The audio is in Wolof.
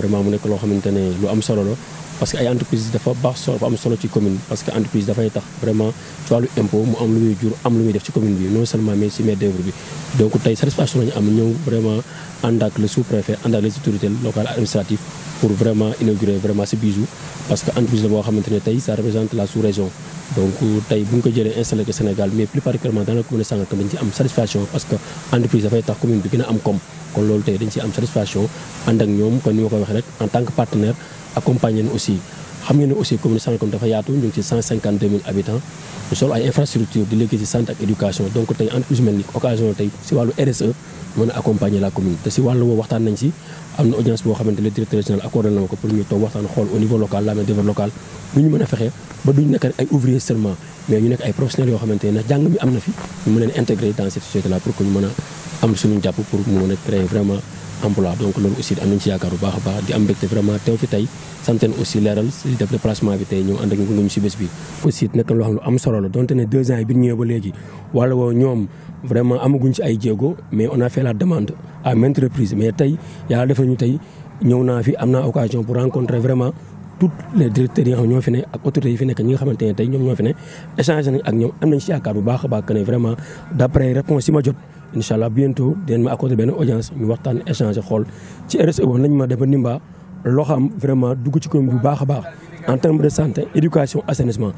vraiment mu nekk loo xamante ne lu am solo la parce que ay entreprise dafa baax solo ci commune parce que entreprise dafay tax vraiment ci wàllu impôt mu am lu muy jur am lu muy def ci commune bi non seulement mais ci main d'œuvre bi donc tey satisfaction lañu am ñëw vraiment ànd ak sous-préfet ànd ak les autorités locales pour vraiment inaugurer vraiment ce bijou parce que entreprise la boo xamante ne tey ça représente la sous-région donc tey bu ko jëlee installé ko dañ ci am satisfaction parce que entreprise dafay tax commune bi gën a am koom kon loolu tey dañ ci am satisfaction ànd ak ñoom kon ni ma koy waxee rek en tant que partenaire accompagné na aussi xam ngeen ne aussi commune de Sangalkam dafa yaatu ñu ci 152 ñu sol ay infrastructure di liggéey ci santé ak éducation donc tey entreprise mel ni occasion tey si wàllu RSE mën a accompagner la commune te si wàllu woowu waxtaan nañ si am na audience boo xamante le directeur régional accordé ko pour ñu toog waxtaan xool au niveau local la amee développement local ñu mën a fexe ba duñ nekk ay ouvrier seulement mais ñu nekk ay professionnels yoo xamante ne jàng mi am na fi ñu mën leen intégrer dans cette société là pour que pour mu vraiment emploi donc loolu aussi am nañu ci yaakaar bu baax a baax di am mbégte ñoom ay jéego mais on la demande à maintes reprises mais tey yàlla defal ñu tey naa fi am na occasion pour rencontrer vraiment tous les directeurs yi nga ak autorités yi fi nga xamante ne tey ñoom ñoo fi ne échangé nañ ak ñoom am nañ si yaakaar bu baax a baax que ne vraiment d' après ma jot incha allah bientôt dinañ ma accordé benn audience ñu waxtaan échanger xool ci RSE boobu nañ ma def ba Nimba loo xam vraiment dugg ci commune bu baax a baax en terme de santé éducation assainissement.